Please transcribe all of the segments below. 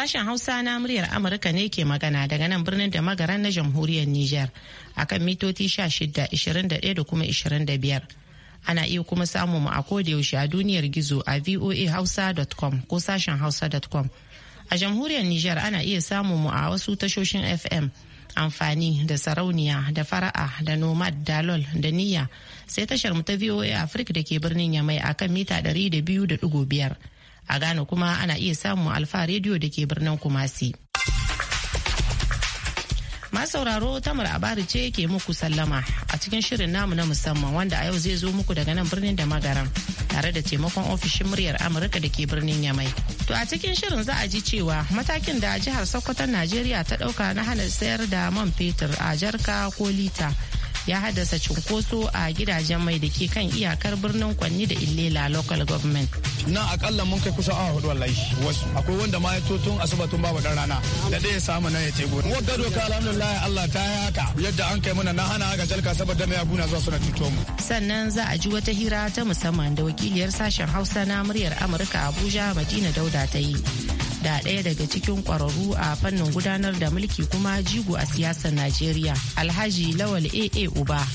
Sashen Hausa na muryar Amurka ne ke magana daga nan birnin da magaran na jamhuriyar Nijar akan mitoti 16, da kuma 25. Ana iya kuma samu mu a yaushe a duniyar gizo a voahausa.com ko sashen hausa.com. A jamhuriyar Nijar ana iya samu mu a wasu tashoshin FM. amfani da sarauniya da fara'a da nomad da lol da niyya sai tashar mu ta voa africa da ke birnin yamai akan mita 200.5 a Ghana kuma ana iya samun alfa rediyo da ke birnin Kumasi. sauraro tamar abari ce ke muku sallama a cikin shirin namu na musamman wanda a yau zai zo muku daga nan birnin da magaran tare da taimakon ofishin muryar amurka da ke birnin yamai to a cikin shirin za a ji cewa matakin da jihar sokoton najeriya ta dauka na hana sayar da man fetur a jarka ko lita ya haddasa cunkoso a gidajen mai da ke kan iyakar birnin kwanni da illela local government na akalla mun kai kusan awa hudu wallahi wasu akwai wanda ma ya totun asuba tun babu dan rana da ya samu nan ya tego gado doka alhamdulillah Allah ta yi haka. yadda an kai mana na hana ga jalka saboda mai buna zuwa suna cuto mu sannan za a ji wata hira ta musamman da wakiliyar sashen Hausa na muryar Amurka Abuja Madina Dauda ta yi da ɗaya daga cikin ƙwararru a fannin gudanar da mulki kuma jigo a siyasar Najeriya, Alhaji Lawal AA Uba.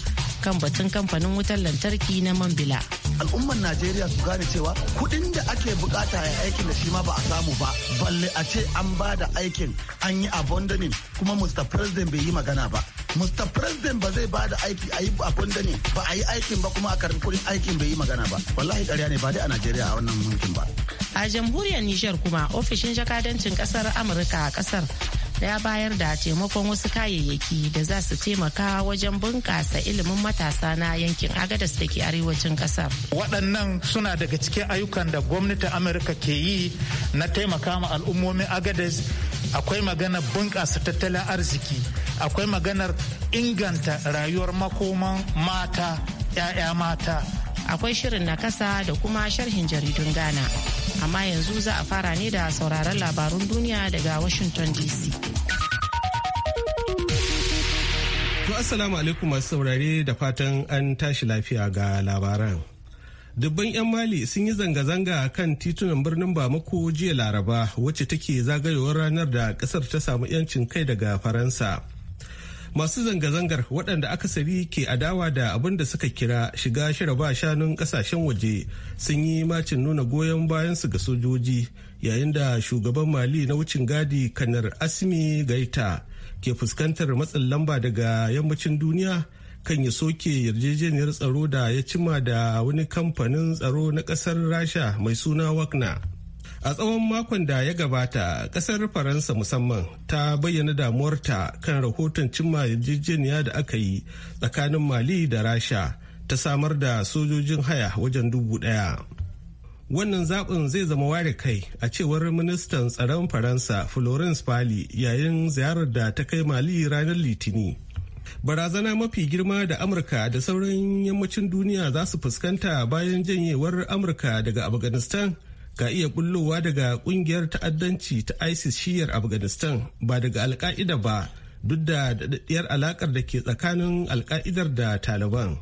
kan batun kamfanin wutar lantarki na Mambila. Al'ummar Najeriya su gane cewa kuɗin da ake bukata ya aikin da shi ma ba a samu ba, balle a ce an ba da aikin an yi abandoning kuma Mr. President bai yi magana ba. Mr. President ba zai ba da aiki a yi abin ba a yi aikin ba kuma a karin kudin aikin bai yi magana ba. Wallahi ƙarya ne ba dai a Najeriya a wannan mulkin ba. A jamhuriyar Nijar kuma ofishin jakadancin ƙasar Amurka a ƙasar ya bayar da taimakon wasu kayayyaki da za su taimaka wajen bunƙasa ilimin matasa na yankin agadas da ke arewacin ƙasar. waɗannan suna daga cikin ayyukan da gwamnatin amurka ke yi na taimaka ma al'ummomin agadas akwai magana bunƙasa tattalin arziki akwai maganar inganta rayuwar makoman mata 'ya'ya mata akwai shirin na kasa da kuma sharhin jaridun ghana amma yanzu za a fara ne da sauraron labarun duniya daga Washington DC. To Assalamu alaikum masu saurare da fatan an tashi lafiya ga labaran. Dubban 'yan Mali sun yi zanga-zanga kan titunan birnin Bamako jiya Laraba wacce take zagayowar ranar da kasar ta samu 'yancin kai daga Faransa. masu zanga-zangar waɗanda akasari ke adawa da abin da suka kira shiga shira ba shanun ƙasashen waje sun yi macin nuna goyon bayansu ga sojoji yayin da shugaban mali na wucin gadi kanar asmi gaita ke fuskantar matsin lamba daga yammacin duniya kan ya soke yarjejeniyar tsaro da ya cima da wani kamfanin tsaro na ƙasar rasha mai suna wagner a tsawon makon da ya gabata kasar faransa musamman ta bayyana damuwarta kan rahoton cimma yarjejeniya da aka yi tsakanin mali da rasha ta samar da sojojin haya wajen dubu daya wannan zaɓin zai zama ware kai a cewar ministan tsaron faransa florence pali yayin ziyarar da ta kai mali ranar litini barazana mafi girma da amurka da sauran yammacin duniya za su fuskanta bayan janyewar amurka daga afghanistan ka iya bullowa daga kungiyar ta'addanci ta isis shiyar afghanistan ba daga alka'ida ba duk da daɗaɗɗiyar alakar da ke tsakanin alka'idar da taliban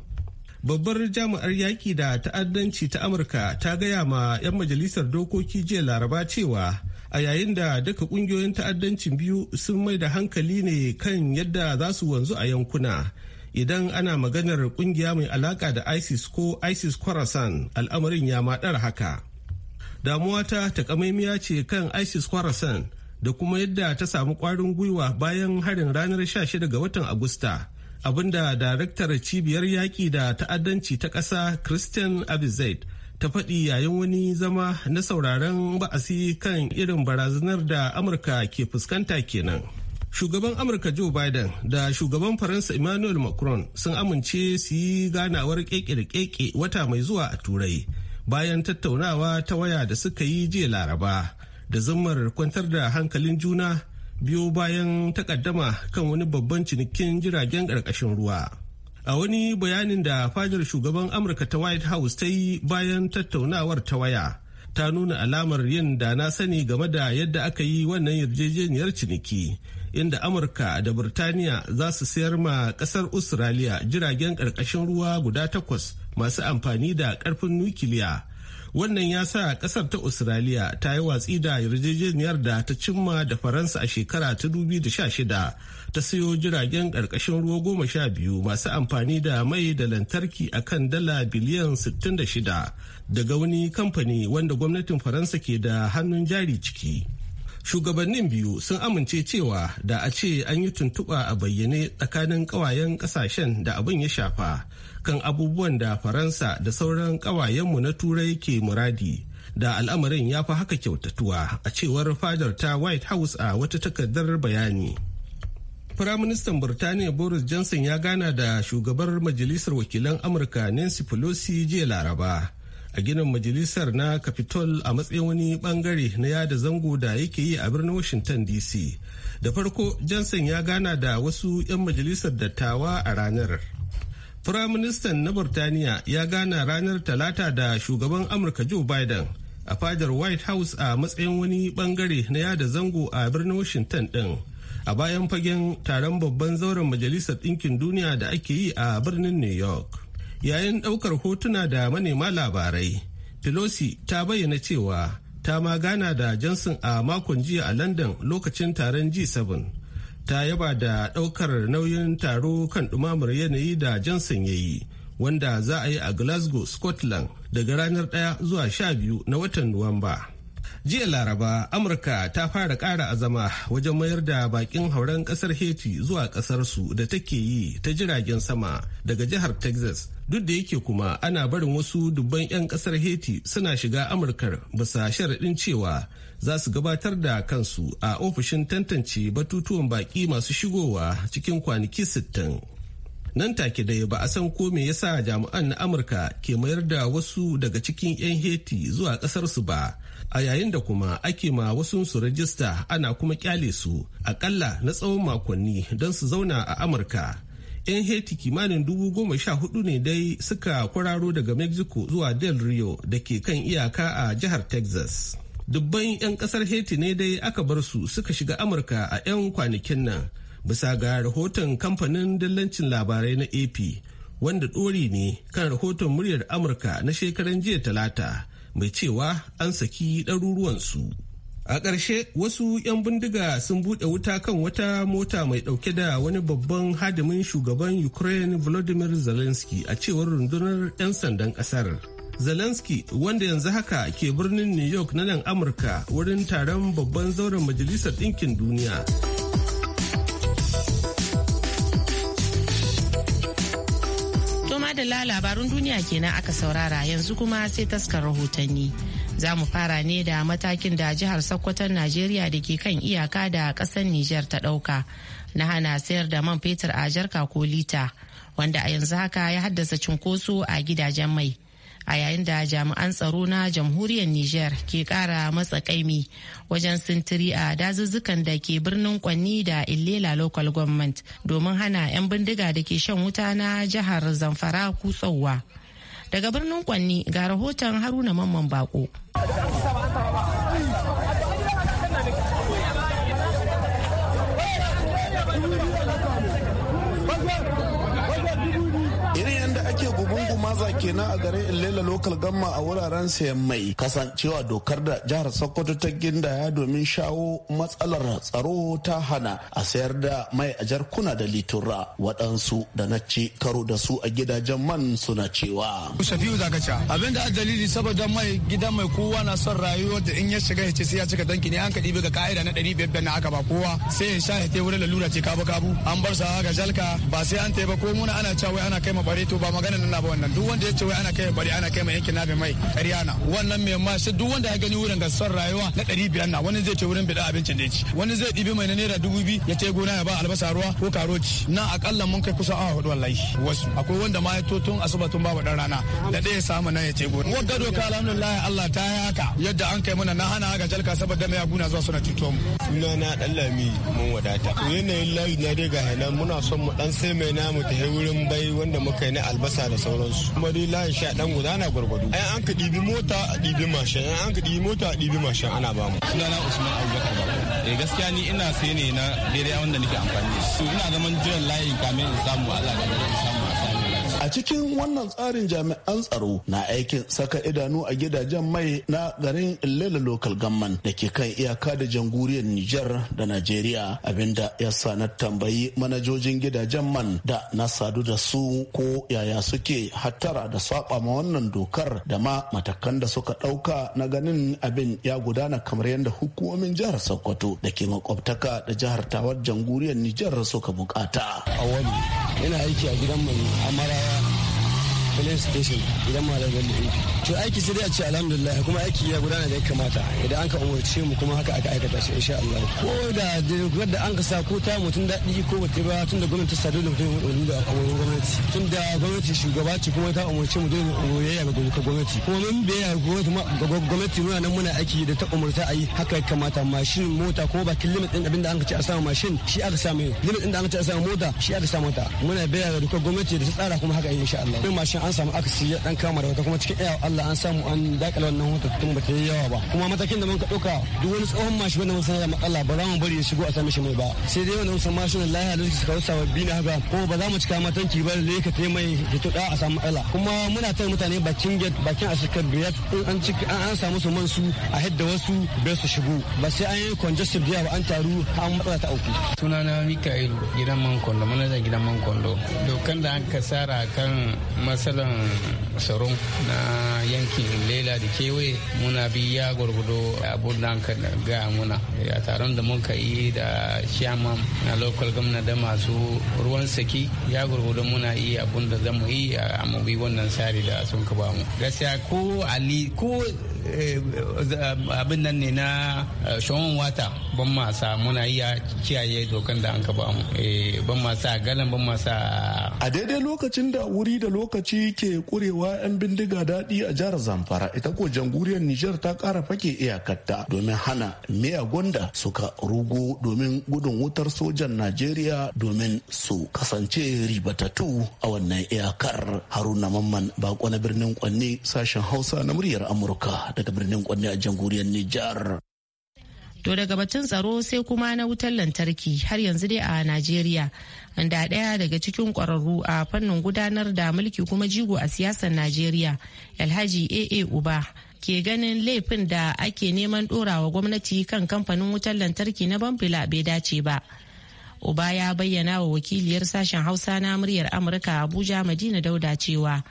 babbar jami'ar yaƙi da ta'addanci ta amurka ta gaya ma 'yan majalisar dokoki jiya laraba cewa a yayin da duka ƙungiyoyin ta'addancin biyu sun mai da hankali ne kan yadda za su wanzu a yankuna idan ana maganar ƙungiya mai alaƙa da isis ko isis khorasan al'amarin ya maɗar haka damuwa ta takamaimiya ce kan isis kwarasan da kuma yadda ta samu kwarin gwiwa bayan harin ranar 16 ga watan agusta abinda daraktar cibiyar yaƙi da ta'addanci ta ƙasa christian abizaid ta faɗi yayin wani zama na sauraron ba'asi kan irin barazanar da amurka ke fuskanta kenan shugaban amurka joe biden da shugaban faransa emmanuel macron sun amince su yi ganawar keke da keke wata mai zuwa a turai bayan tattaunawa ta waya da suka yi jiya laraba da zammar kwantar da hankalin juna biyo bayan takaddama kan wani babban cinikin jiragen ƙarƙashin ruwa a wani bayanin da fadar shugaban amurka ta white house ta yi bayan tattaunawar ta waya ta nuna alamar yin da na sani game da yadda aka yi wannan yarjejeniyar ciniki inda amurka da Birtaniya za su sayar ma kasar australia jiragen ƙarƙashin ruwa guda takwas masu amfani da ƙarfin nukiliya wannan ya sa kasar ta australia ta yi watsi da yarjejeniyar da ta cimma da faransa a shekara ta 2016 ta sayo jiragen ƙarƙashin ruwa goma sha biyu masu amfani da mai da lantarki a kan dala biliyan 66 daga wani kamfani wanda gwamnatin faransa ke da hannun jari ciki shugabannin biyu sun amince cewa da a ce an yi tuntuɓa a bayyane tsakanin ƙawayen ƙasashen da abin ya shafa kan abubuwan da faransa da sauran ƙawayenmu na turai ke muradi da al'amarin ya fi haka kyautatuwa a cewar fadar ta white house a wata takardar bayani Firaministan birtaniya Boris Johnson ya gana da shugabar Majalisar Wakilan Amurka Nancy Pelosi jiya Laraba a ginin majalisar na capitol a matsayin wani bangare na yada zango da yake yi a birnin washington dc da farko johnson ya gana da wasu 'yan majalisar dattawa a ranar firaministan na burtaniya ya gana ranar talata da shugaban amurka joe biden a fadar white house a matsayin wani bangare na yada zango a birnin washington din a bayan fagen taron babban zauren majalisar ɗinkin duniya da ake yi a birnin new york yayin ɗaukar hotuna da manema labarai pelosi ta bayyana cewa ta ma gana da johnson a makon jiya a london lokacin taron g7 ta yaba da ɗaukar nauyin taro kan ɗumamar yanayi da johnson ya yi wanda za a yi a glasgow scotland daga ranar 1 zuwa 12 na watan nuwamba. jiya laraba amurka ta fara ƙara azama wajen mayar da bakin hauren kasar haiti zuwa su da take yi ta jiragen sama daga jihar texas duk da yake kuma ana barin wasu dubban 'yan kasar haiti suna shiga amurkar bisa sharaɗin cewa za su gabatar da kansu a ofishin tantance batutuwan baki masu shigowa cikin kwanaki sittin. nan take ya ba a san ko me yasa jami'an na amurka ke mayar da wasu daga cikin 'yan heti zuwa kasarsu ba a yayin da kuma ake ma wasu su rajista ana kuma kyale su akalla na tsawon makonni don su zauna a amurka yan haiti kimanin dubu goma sha hudu ne dai suka kwararo daga mexico zuwa del rio da ke kan iyaka a jihar texas dubban 'yan kasar haiti ne dai aka bar su suka shiga amurka a 'yan kwanakin nan bisa ga rahoton kamfanin dillancin labarai na ap wanda ɗori ne kan rahoton muryar amurka na shekaran jiya talata mai cewa an saki ɗaruruwansu. A ƙarshe wasu 'yan bindiga sun buɗe wuta kan wata mota mai ɗauke da wani babban hadimin shugaban Ukraine Volodymyr Zelensky a cewar rundunar 'yan sandan ƙasar. Zelensky wanda yanzu haka ke birnin New York na nan Amurka wurin taron babban zauren Majalisar Ɗinkin Duniya. adala labarun duniya kenan aka saurara yanzu kuma sai taskar rahotanni. Za mu fara ne da matakin da jihar Sokoton Najeriya da ke kan iyaka da ƙasar Nijar ta ɗauka na hana sayar da man fetur a jarka ko lita wanda a yanzu haka ya haddasa cunkoso a gidajen mai. a yayin da jami'an tsaro na jamhuriyar Nijar ke kara matsa kaimi wajen sintiri a dazuzzukan da ke birnin Kwanni da Illela Local Government domin hana 'yan bindiga da ke shan wuta na jihar Zamfara kutsowa. Daga birnin Kwanni ga rahoton Haruna Mamman Bako. ake gubunguma kenan a garin lela lokal gamma a wuraren sayan mai kasancewa dokar da jihar Sokoto ta gindaya domin shawo matsalar tsaro ta hana a sayar da mai a jarkuna da litura waɗansu da na ci karo da su a gidajen man suna cewa. Shafi'u ca. Abin da dalili saboda mai gidan mai kowa na son rayuwar da in ya shiga ya ce sai ya cika danki ne an ka ɗibi ga ka'ida na ɗari biyar na aka ba kowa sai ya sha ya wurin lalura ce kabu kabu an bar sa ga jalka ba sai an ba ko muna ana cawai ana kai ma bare to ba magana nan na ba wannan duk wanda ya ce wai ana kai bari ana kai mai yankin nabi mai karya na wannan mai ma shi duk wanda ya gani wurin gasar rayuwa na ɗari biyar na wani zai ce wurin bida abincin da ci wani zai ɗibi mai na naira dubu biyu ya ce gona ya ba albasa ruwa ko karoci na akalla mun kai kusa awa hudu wallahi wasu akwai wanda ma ya to tun asuba tun babu ɗan rana da ɗaya samu na ya ce gona gado ka alhamdulillah Allah ta yi haka yadda an kai mana na hana ga jalka saboda mai aguna zuwa suna cuto mu suna na ɗan lami mun wadata yanayin layi na dai ga hana muna son mu ɗan sai mai namu ta wurin bai wanda muka yi na albasa da sauransu kuma dai lahi sha dan na gwargwado ai an ka ɗibi mota a ɗibi mashin ai an ka ɗibi mota a ɗibi mashin ana ba mu sunana usman abubakar baba eh gaskiya ni ina sai ne na daidai wanda nake amfani da shi ina zaman jiran layi kamin in samu Allah da samu A cikin wannan tsarin jami'an tsaro na aikin saka idanu a gidajen mai na garin Ilela Local Gamman da ke kan iyaka da janguriyar Nijar da Najeriya abinda ya sa na tambayi manajojin gidajen man da na sadu da su ko yaya suke hattara da saba ma wannan dokar da ma matakan da suka dauka na ganin abin ya gudana kamar yadda hukumomin jihar Sokoto da ke makwabtaka da jihar Tawar janguriyar Nijar suka bukata. A wani ina aiki a gidan mai amara filin station idan malam bello idi to aiki sai dai a ce alhamdulillah kuma aiki ya gudana da ya kamata idan an ka umarce mu kuma haka aka aikata shi insha Allah ko da dalibar da an ka sa ko ta mutum daɗi ko ba ba tun da gwamnati ta sadu da mutum umarni da umarnin gwamnati tun da gwamnati shugaba ce kuma ta umarce mu dole mu yaya ga dokar gwamnati kuma mun biya ga gwamnati muna nan muna aiki da ta umarta a yi haka kamata mashin mota ko ba bakin limit din da an ka ce a samu mashin shi aka samu limit din da an ka ce a samu mota shi aka samu ta muna biya ga dokar gwamnati da ta tsara kuma haka insha Allah mashin an samu akasi ya dan kama da wata kuma cikin ayyau Allah an samu an dakala wannan hoto tun ba ta yi yawa ba kuma matakin da mun ka dauka duk wani tsohon mashi wanda mun san da matsala ba za mu bari ya shigo a sami shi mai ba sai dai wannan mun san mashi na lahiya da suka wasa wa bina haka ko ba za mu cika matanki ba da ka ta mai ya tuda a samu matsala kuma muna ta mutane bakin gate bakin asirkar biyar an ciki an samu su man su a hidda wasu bai su shigo ba sai an yi congestive da ba an taru an matsala ta auku. sunana mikael gidan man kondo manajan gidan man kondo dokan da an kasara kan masar bangaren tsaron na yankin lela da kewaye muna ya gwargwado abun da ka gaya muna a taron da mun yi da chairman na local gwamna da masu ruwan saki ya gwargwado muna yi abun da zamu yi a mabi wannan tsari da sun ka bamu mu gaskiya ko ali ko Eh, abin nan ne na eh, shawon wata ban masa muna iya kiyaye dokan da an ka ba mu eh, ban masa galan ban masa a daidai lokacin da wuri da lokaci ke kurewa 'yan bindiga daɗi a jihar zamfara ita ko jamhuriyar nijar ta ƙara fake iyakarta domin hana miya Gonda suka rugo domin gudun wutar sojan najeriya domin su kasance ribatatu a wannan iyakar haruna mamman bako na birnin kwanne sashen hausa na muryar amurka daga birnin kwanne a jamhuriyar Nijar. To daga batun tsaro sai kuma na wutar lantarki har yanzu dai a Najeriya. Inda ɗaya daga cikin kwararru a fannin gudanar da mulki kuma jigo a siyasar Najeriya, Alhaji AA Uba, ke ganin laifin da ake neman dorawa gwamnati kan kamfanin wutar lantarki na Bambila bai dace ba. Uba ya bayyana wa wakiliyar sashen Hausa na muryar Amurka Abuja Madina Dauda cewa.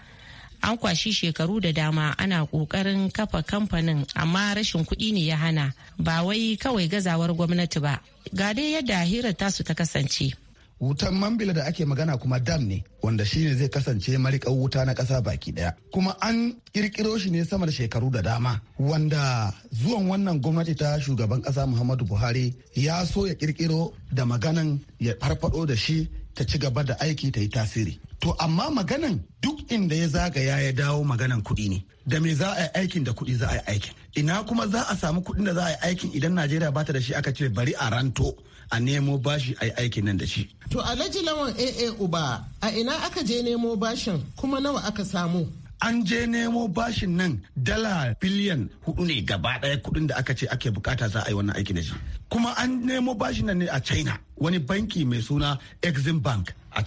an kwashi shekaru da dama ana ƙoƙarin kafa kamfanin amma rashin kuɗi ne ya hana ba wai kawai gazawar gwamnati ba ga dai yadda hira tasu ta kasance wutan mambila da ake magana kuma dam ne wanda shine zai kasance marikan wuta na ƙasa baki daya kuma an ƙirƙiro shi ne sama da shekaru da dama wanda zuwan wannan gwamnati ta shugaban ƙasa muhammadu buhari ya so ya ƙirƙiro da maganan ya farfado da shi ta ci gaba da aiki ta yi tasiri to amma maganan duk inda ya zagaya ya dawo maganan kuɗi ne da me za a yi aikin da kuɗi za a yi aikin ina kuma za a samu kuɗin da za a yi aikin idan najeriya ba ta da shi aka ce bari a ranto a nemo bashi a yi aikin nan da shi to alhaji lawan aa uba a ina aka je nemo bashin kuma nawa aka samu an je nemo bashin nan dala biliyan hudu ne gaba daya kudin da aka ce ake bukata za a yi wannan aikin da shi kuma an nemo bashin nan ne a china wani banki mai suna exim bank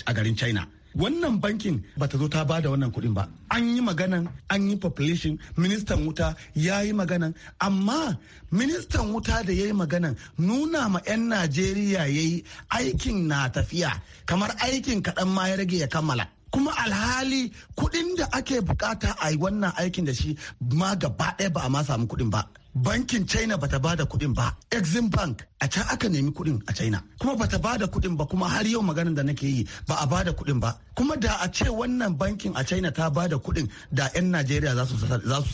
a garin china wannan bankin ba ta zo ta bada wannan kuɗin ba an yi maganan an yi population ministan wuta ya yi maganan amma ministan wuta da ya yi maganan nuna ma 'yan najeriya ya yi aikin na tafiya kamar aikin kaɗan ma ya rage ya kammala kuma alhali kuɗin da ake bukata a wannan aikin da shi ma gaba ɗaya ba a ma samu kuɗin ba bankin china bata bada kuɗin ba exim bank a can aka nemi kuɗin a china kuma bata bada kuɗin ba kuma har yau maganin da nake yi ba a bada kuɗin ba kuma da a ce wannan bankin a china ta bada kuɗin da 'yan najeriya za su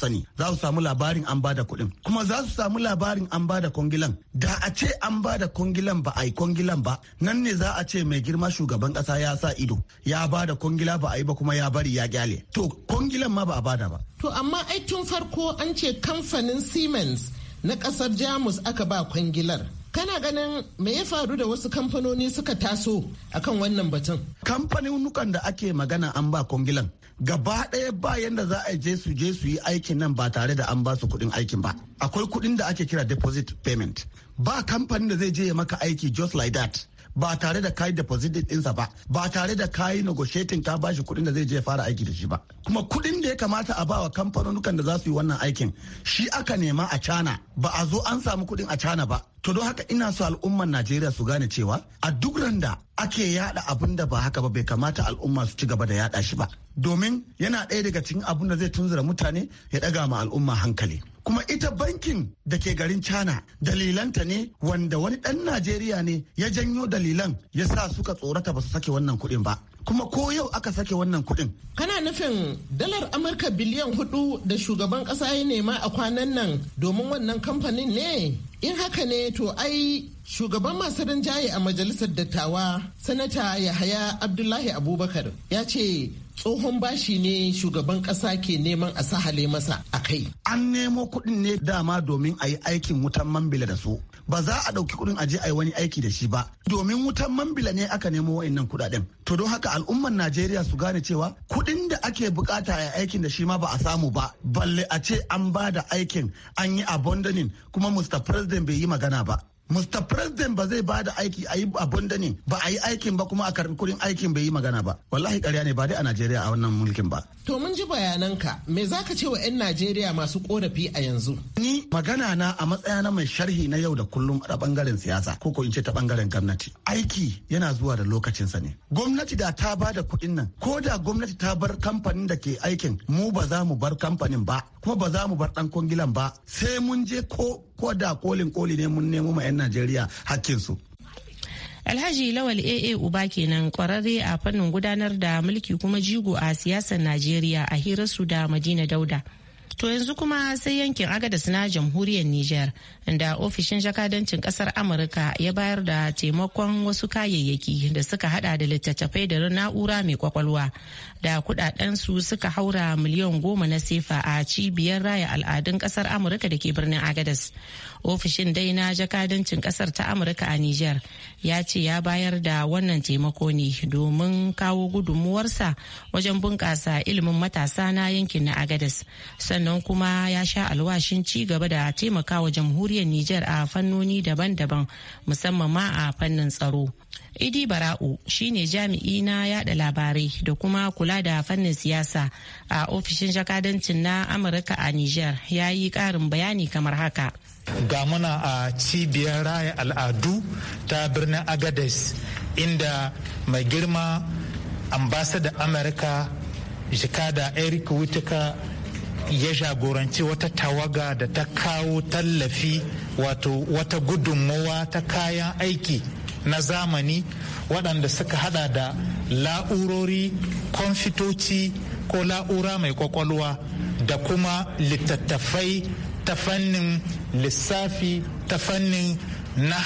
sani za su samu labarin an bada kuɗin kuma za su samu labarin an bada kongilan. da a ce an bada kongilan ba a yi kongilan ba nan ne za a ce mai girma shugaban kasa ya sa ido ya bada kongila ba a yi ba kuma ya bari ya gyale to kongilan ma ba a bada ba to amma ai tun farko an ce kamfanin siemens siemens na kasar jamus aka ba kwangilar kana ganin me ya faru da wasu kamfanoni suka taso akan wannan batun kamfanin da ake magana an ba kwangilan gaba ɗaya bayan da za a je su je su yi aikin nan ba tare da an ba su kuɗin aikin ba akwai kuɗin da ake kira deposit payment ba kamfanin da zai je ya maka aiki just like that ba tare da kayi deposit ɗinsa ba ba tare da kayi negotiating ka bashi kuɗin da zai je fara aiki da shi ba kuma kuɗin da ya kamata a bawa kamfanonukan da za su yi wannan aikin shi aka nema a cana ba a zo an samu kuɗin a cana ba to don haka ina so al'umman najeriya su gane cewa a duk randa ake yada abun da ba haka ba bai kamata al'umma su ci gaba da yada shi ba domin yana ɗaya daga cikin abun da zai tunzura mutane ya ɗaga ma al'umma hankali kuma ita bankin da ke garin china dalilanta ne wanda wani dan najeriya ne ya janyo dalilan ya sa suka tsorata ba su sake wannan kuɗin ba kuma ko yau aka sake wannan kuɗin. Kana nufin dalar Amurka biliyan hudu da shugaban ƙasa ya nema a kwanan nan domin wannan kamfanin ne? In haka ne to ai shugaban masu rinjaye a majalisar dattawa sanata Yahaya Abdullahi Abubakar ya ce tsohon bashi ne shugaban kasa ke neman a sahale masa a kai. An nemo kuɗin ne dama domin a yi aikin wutan mambila da su. Ba za a ɗauki kuɗin aje a yi wani aiki da shi ba. Domin wutan mambila ne aka nemo wa'annan kuɗaɗen. To don haka al'ummar Najeriya su gane cewa kuɗin da ake bukata a aikin da shi ma ba a samu ba. Balle a ce an ba da aikin an yi abandonin kuma Mr. President bai yi magana ba. Mr. President ba zai ba da aiki a yi abun da ne ba a yi aikin ba kuma a karbi kudin aikin bai yi magana ba. Wallahi ƙarya ne ba dai a Najeriya a wannan mulkin ba. To mun ji bayanan ka me za ka ce wa 'yan Najeriya masu korafi a yanzu? Ni magana na a matsaya na mai sharhi na yau da kullum a bangaren siyasa ko ko in ce ta bangaren gwamnati. Aiki yana zuwa da lokacinsa ne. Gwamnati da ta ba da kuɗin nan ko da gwamnati ta bar kamfanin da ke aikin mu ba za mu bar kamfanin ba ko ba za mu bar dan kwangilan ba sai mun je ko ko da kolin koli ne mun nemo ma 'yan najeriya hakkinsu Alhaji Lawal AA Uba kenan kwararre a fannin gudanar da mulki kuma jigo a siyasar Najeriya a hirarsu da Madina Dauda. To yanzu kuma sai yankin Agadas na jamhuriyar Nijar, inda ofishin jakadancin kasar Amurka ya bayar da taimakon wasu kayayyaki da suka hada da littattafai da na'ura mai kwakwalwa da kudaden suka haura miliyan goma na sefa a cibiyar raya al'adun kasar Amurka da ke birnin Agadas. Ofishin dai na jakadancin kasar ta Amurka a Nijar ya ce ya bayar da wannan taimako ne domin kawo gudunmuwarsa wajen bunƙasa ilimin matasa na yankin na Agadas. sannan kuma ya sha alwashin ci gaba da taimakawa jamhuriyar Nijar a fannoni daban-daban musamman ma a fannin tsaro. Idi Bara'u shine jami'i na yada labarai da kuma kula da fannin siyasa a ofishin jakadancin na Amurka a Nijar ya yi karin bayani kamar haka. Ga muna a cibiyar raya al'adu ta birnin Agades inda mai girma ambasada Amurka jikada Eric Whitaker ya jagoranci wata tawaga da ta kawo tallafi wato wata gudunmowa ta kayan aiki na zamani waɗanda suka hada da la'urori kwamfitoci ko la'ura mai kwakwalwa da kuma littattafai ta fannin lissafi ta fannin na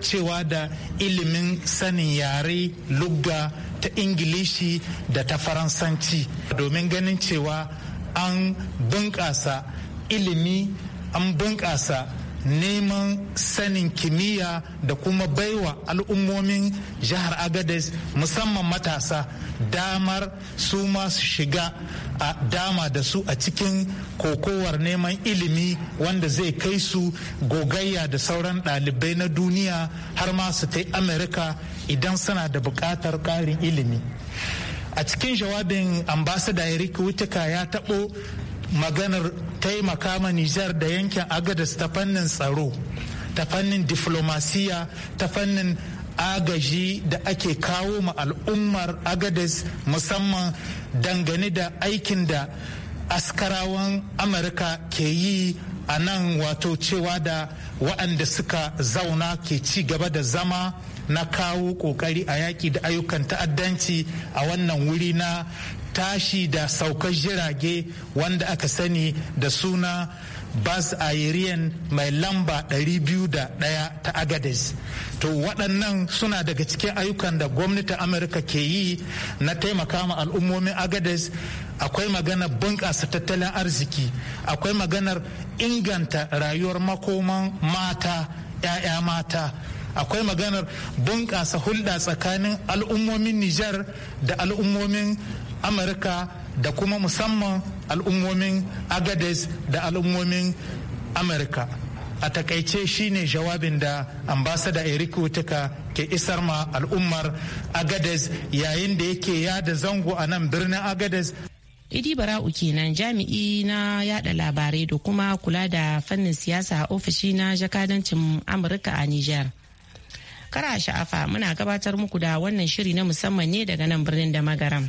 cewa da ilimin sanin yare lugga ta ingilishi da ta faransanci domin ganin cewa an bunƙasa ilimi an bunƙasa neman sanin kimiyya da kuma baiwa al'ummomin jihar agades musamman matasa damar su masu shiga a dama da su a cikin kokowar neman ilimi wanda zai kai su gogayya da sauran ɗalibai na duniya har ma su ta amerika idan suna da buƙatar ƙarin ilimi a cikin jawabin ambasada Eric Wutuka ya taɓo maganar taimaka ma Nijar da yankin Agadas ta fannin tsaro, ta fannin diflomasiya, ta fannin agaji da ake kawo ma al'ummar Agadas musamman dangane da aikin da askarawan Amurka ke yi a nan wato cewa da wa'anda suka zauna ke ci gaba da zama na kawo kokari a yaki da ayyukan ta'addanci a wannan wuri na tashi da saukar jirage wanda aka sani da suna bas aerian mai lamba 201 ta agades to waɗannan suna daga cikin ayyukan da gwamnati amurka ke yi na taimaka ma al'ummomin agades akwai maganar bunƙasa tattalin arziki akwai maganar inganta rayuwar makoman mata 'ya'ya mata akwai maganar bunƙasa hulɗa tsakanin al'ummomin nijar da al'ummomin amurka da kuma musamman al'ummomin agades da al'ummomin amurka a takaice shine jawabin da ambasada eric wutuka ke isar ma al'ummar agades yayin da yake yada zango a nan birnin agades idi bara'u kenan jami'i na yada labarai da kuma kula da fannin siyasa a ofishi na jakadancin amurka a nijar. Kara sha'afa muna gabatar muku da wannan shiri na musamman ne daga nan birnin da magaram.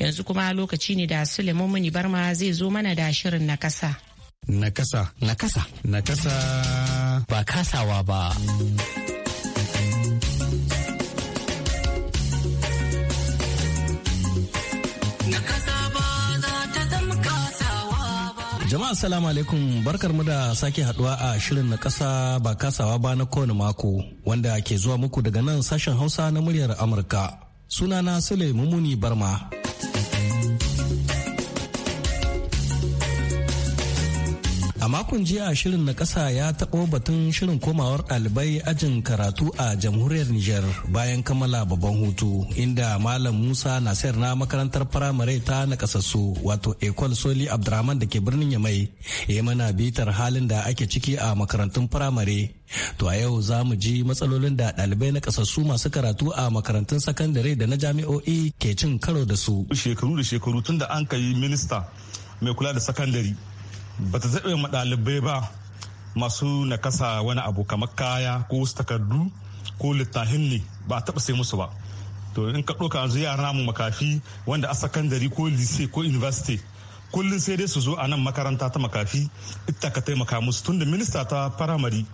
Yanzu kuma lokaci ne da Suleiman Muni Barma zai zo mana da shirin na kasa. Na kasa. Na kasa. Na kasa. Ba kasawa ba. Jama'a salamu alaikum barkar mu da sake haduwa a shirin na kasa ba kasawa ba na kowane mako wanda ke zuwa muku daga nan sashen Hausa na muryar Amurka. Sunana Sule Mumuni Barma. A makon jiya shirin na ƙasa ya taɓo batun shirin komawar ɗalibai ajin karatu a jamhuriyar Nijar bayan kammala babban hutu inda Malam Musa Nasir na makarantar firamare ta na nakasassu wato Ecole Soli Abdurrahman da ke birnin Yamai ya mana bitar halin da ake ciki a makarantun firamare. To a yau za mu ji matsalolin da ɗalibai na kasassu masu karatu a makarantun sakandare da na jami'o'i ke cin karo da su. Shekaru da shekaru tun da an kai minista mai kula da sakandare ba ta zaɓe ma ɗalibai ba masu nakasa wani abu kamar kaya ko wasu takardu ko littafin ne ba a taɓa sai musu ba to in ka ɗauka yanzu yara mu makafi wanda a sakandare ko lise ko university kullum sai dai su zo a nan makaranta ta makafi ita ka taimaka musu tunda minista ta firamare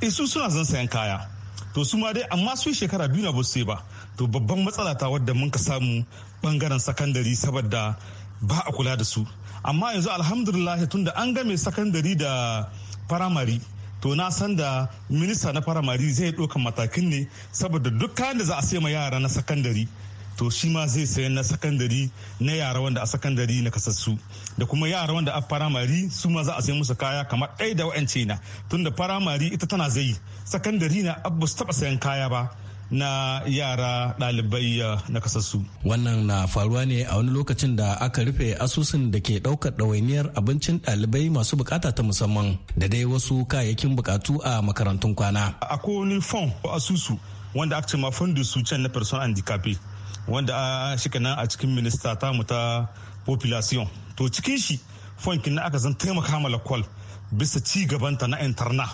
isu eh, suna zan sayan kaya to su ma dai amma su shekara biyu na ba su ba to babban matsala ta wadda mun ka samu bangaren sakandari saboda ba a kula da su amma yanzu alhamdulillah tun da an gami sakandari da firamare to na san da minista na firamare zai ɗauka matakin ne saboda duk kayan da za a sai ma yara na sakandare to shi ma zai sayan na sakandare na yara wanda a sakandare na kasassu da kuma yara wanda a firamare su ma za a sai musu kaya kamar ɗaya da wa'ancina tun tunda firamare ita tana zai sakandari na abu su taɓa sayan kaya ba na yara ɗalibai uh, na kasassu. Wannan na faruwa ne a wani lokacin da aka rufe asusun da ke ɗaukar ɗawainiyar abincin ɗalibai masu bukata ta musamman da dai wasu kayayyakin bukatu a makarantun kwana. Akwai wani fon asusu wanda aka ce ma dusu su can na person handicapé wanda a uh, shika nan a cikin minista ta mu ta population. To cikin shi fon kin aka zan taimaka ma lakwal bisa ci gabanta na intarna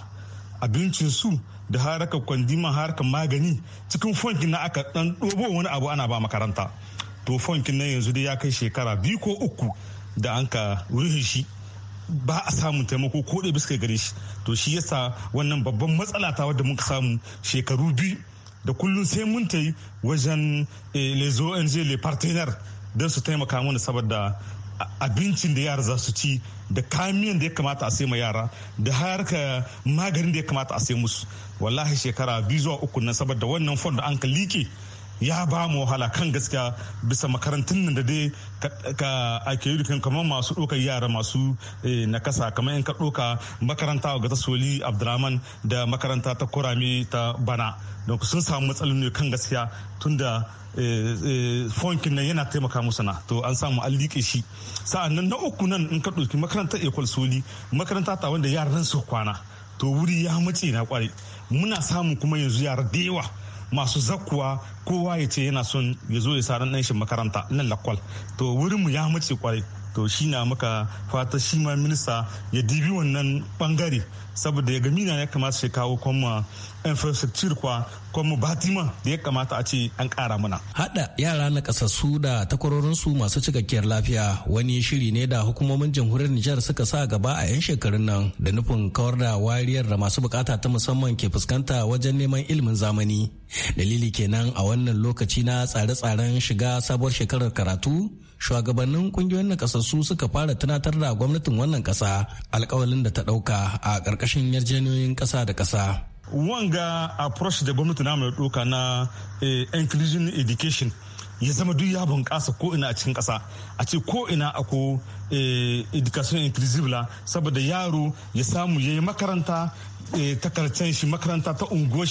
abincin su da haraka kwandima harkar magani cikin fonkin na aka dan ɗobo wani abu ana ba makaranta to fonkin na yanzu dai ya kai shekara biyu ko uku da an ka rufe shi ba a samun taimako ko da bisa gare shi to shi yasa wannan babban matsala ta wadda muka samu shekaru biyu da kullum sai mun ta yi wajen eh, les ONG les partenaires don su taimaka mana saboda abincin da yara za su ci da kamiyan da ya kamata a sai ma yara da harka maganin da ya kamata a sai musu wallahi shekara biyu zuwa uku na saboda wannan fond da an ka like ya ba mu wahala kan gaskiya bisa makarantun nan da dai ka ake yi dukan kamar masu ɗaukar yara masu eh, nakasa kamar in ka ɗauka makaranta ga ta soli abdulrahman da makaranta ta kurame ta bana don sun samu ne kan gaskiya da eh, eh, fonkin nan yana taimaka musu na to an samu an liƙe shi sa'annan na uku nan in ka ɗauki makarantar ekol soli makaranta ta wanda yaran su kwana to wuri ya mace na kwarai muna samun kuma yanzu yara da yawa masu zakkuwa kowa ya ce yana son ya zo ya sa ɗan shi makaranta nan lakwal to mu ya mace kwarai to shi na muka fata shi ma minista ya dibi wannan bangare saboda ya gamina ya kamata shi kawo kwamma infrastructure kwa kuma batima da ya kamata a ce an kara mana. Hada yara na kasassu da takwarorinsu masu cikakkiyar lafiya wani shiri ne da hukumomin jamhuriyar Nijar suka sa gaba a 'yan shekarun nan da nufin kawar da wariyar da masu bukata ta musamman ke fuskanta wajen neman ilimin zamani. Dalili kenan a wannan lokaci na tsare-tsaren shiga sabuwar shekarar karatu shugabannin kungiyoyin nakasassu suka fara tunatar da gwamnatin wannan kasa alkawalin da ta dauka a ƙarƙashin yarjejeniyoyin ƙasa da ƙasa wanga approach da gwamnati namu da doka na eh, inclusion education ya zama duk ya bunƙasa ko ina a cikin ƙasa a ce ko ina ako eh, education inclusive la saboda yaro ya samu ya yi makaranta eh, takarcen shi makaranta ta unguwar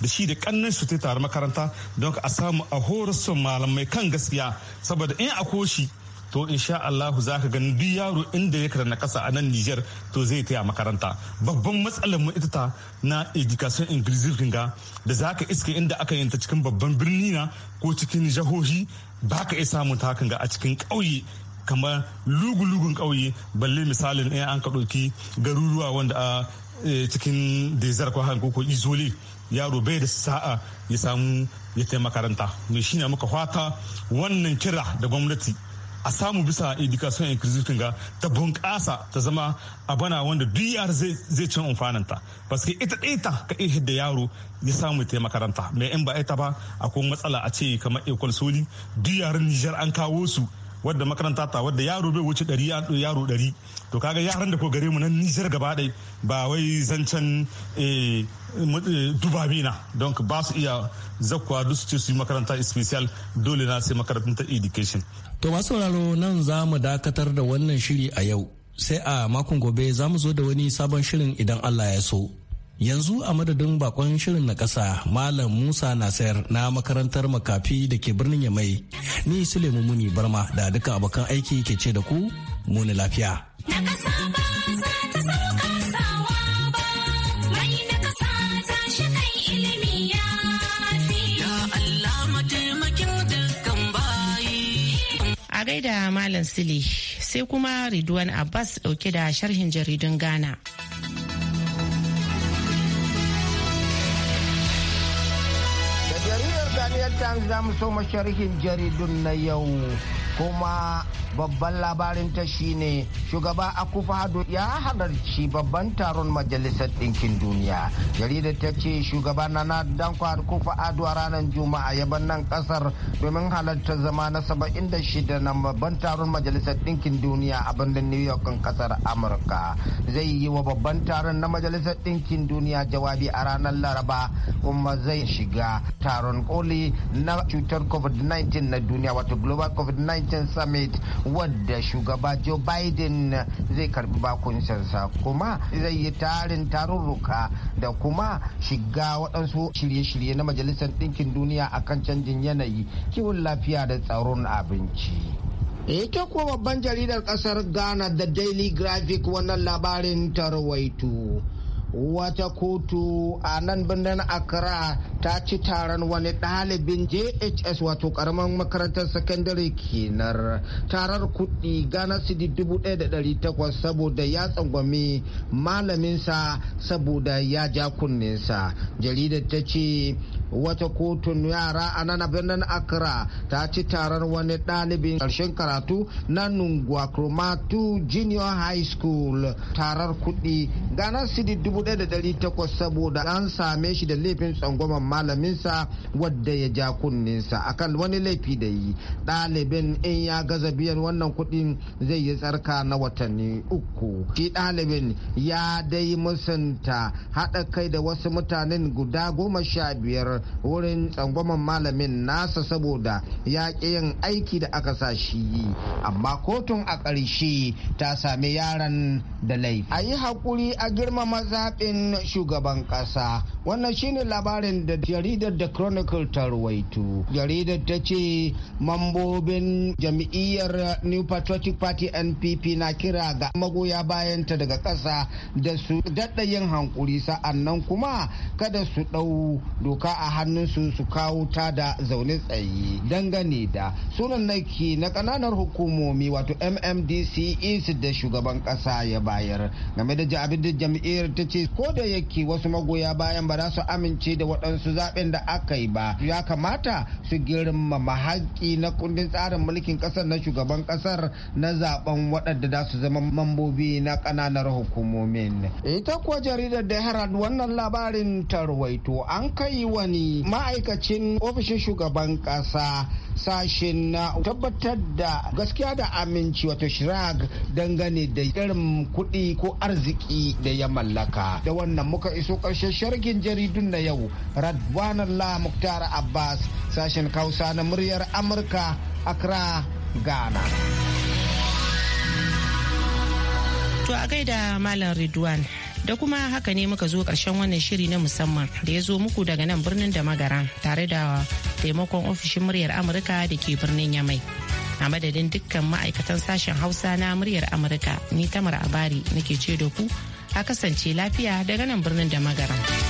da shi da kannan su ta tare makaranta don a samu a horasar malamai kan gaskiya saboda in ako shi to insha Allahu za ka gani duk yaro inda ya karanta kasa a nan Niger to zai taya makaranta babban matsalar mu ita ta na education inclusive kinga da za ka iske inda aka ta cikin babban birni na ko cikin jahohi ba ka iya samun ta ga a cikin ƙauye kamar lugu-lugun ƙauye balle misalin ɗaya an ka ɗauki garuruwa wanda a eh, cikin desert ko hanko ko izole yaro bai da sa'a ya samu ya kai makaranta ne muka fata wannan kira da gwamnati a samu bisa education inclusive ga ta bunƙasa ta zama a bana wanda duk zai cin amfananta paske ita ita ka iya da yaro ya samu ta makaranta mai in ba ita ba akwai matsala a ce kamar ekwal soli duk nijar an kawo su wadda makaranta ta wadda yaro bai wuce ɗari yaro ɗari to kaga yaran da ko gare mu nan nijar gaba ɗai ba wai zancen eh, eh, dubabe na don ba su iya zakwa duk su ce su yi makaranta special dole na sai makaranta education. to masu sauraro nan za mu dakatar da wannan shiri a yau sai a makon gobe za mu zo da wani sabon shirin idan allah ya so yanzu a madadin bakon shirin na ƙasa malam musa nasir na makarantar makafi da ke birnin yamai ni sulemu muni barma da duka abokan aiki ke ce da ku muni lafiya a gaida malam sili sai kuma ridwan abbas dauke da sharhin jaridun ghana times za mu so masharhin jaridun na yau kuma babban labarin ta shine shugaba akufo ya halarci babban taron majalisar ɗinkin duniya jarida ta ce shugaba na danko kufa ado a ranar juma'a ya nan kasar domin halartar zama na 76 na babban taron majalisar ɗinkin duniya a birnin new york kasar amurka zai yi wa babban taron na majalisar ɗinkin duniya jawabi a ranar laraba kuma zai shiga taron koli na cutar covid-19 na duniya wato global covid-19 summit wadda shugaba joe biden zai karbi bakuncinsa kuma zai yi tarin tarurruka da kuma shiga waɗansu shirye-shirye na majalisar ɗinkin duniya akan canjin yanayi kiwon lafiya da tsaron abinci ita kuwa babban jaridar ƙasar ghana da daily graphic wannan labarin ta rawaitu wata kotu a nan birnin accra ta ci taron wani ɗalibin jhs wato karamar makarantar sakandare kenar tarar kuɗi gana sidi dubu ɗaya da dari takwas saboda ya tsangwami malaminsa saboda ya ja kunninsa jarida ta ce wata kotun yara a nan birnin accra ta ci taron wani ɗalibin ƙarshen karatu na nungwa kromatu junior high school tarar kuɗi gana sidi dubu ɗaya da dari takwas saboda an same shi da laifin tsangwaman malaminsa wadda ya ja kunninsa kan wani laifi da yi ɗalibin in ya gaza biyan wannan kuɗin zai yi tsarka na watanni uku shi ɗalibin ya dai musanta haɗa kai da wasu mutanen guda goma sha biyar wurin tsangwaman malamin nasa saboda ya yin aiki da aka sa shi yi amma kotun a ƙarshe ta sami yaran da laifi a yi haƙuri a girmama zaɓin shugaban ƙasa wannan shine labarin da jaridar da chronicle ta ruwaito jaridar ta ce mambobin jam'iyyar new patriotic party npp na kira ga magoya bayanta daga ƙasa da su daɗa yin hankuri sa'annan kuma kada su ɗau doka a hannunsu su kawo ta da zaune tsaye dangane da sunan naki na ƙananan hukumomi wato mmdc is da shugaban ƙasa ya bayar game da abin da ta ce ko da yake wasu magoya bayan ba ba za su amince da waɗansu zaɓen da aka yi ba ya kamata su girmama haƙƙi na kundin tsarin mulkin ƙasar na shugaban ƙasar na zaɓen waɗanda za su zama mambobi na ƙananan hukumomin ita kuwa jaridar da harad wannan labarin tarwaito an kai wani ma'aikacin ofishin shugaban ƙasa sashen na tabbatar da gaskiya da aminci wato shirag dangane da irin kuɗi ko arziki da ya mallaka da wannan muka iso ƙarshen shargin jaridun na yau la muktar abbas sashen kausa na muryar amurka accra ghana to a gaida malam ridwan da kuma haka ne muka zo karshen wannan shiri na musamman da ya zo muku daga nan birnin da magaran tare da taimakon ofishin muryar amurka da ke birnin yamai a madadin dukkan ma'aikatan sashen hausa na muryar amurka ni tamar abari nake ce da ku a kasance lafiya daga nan birnin da magaran.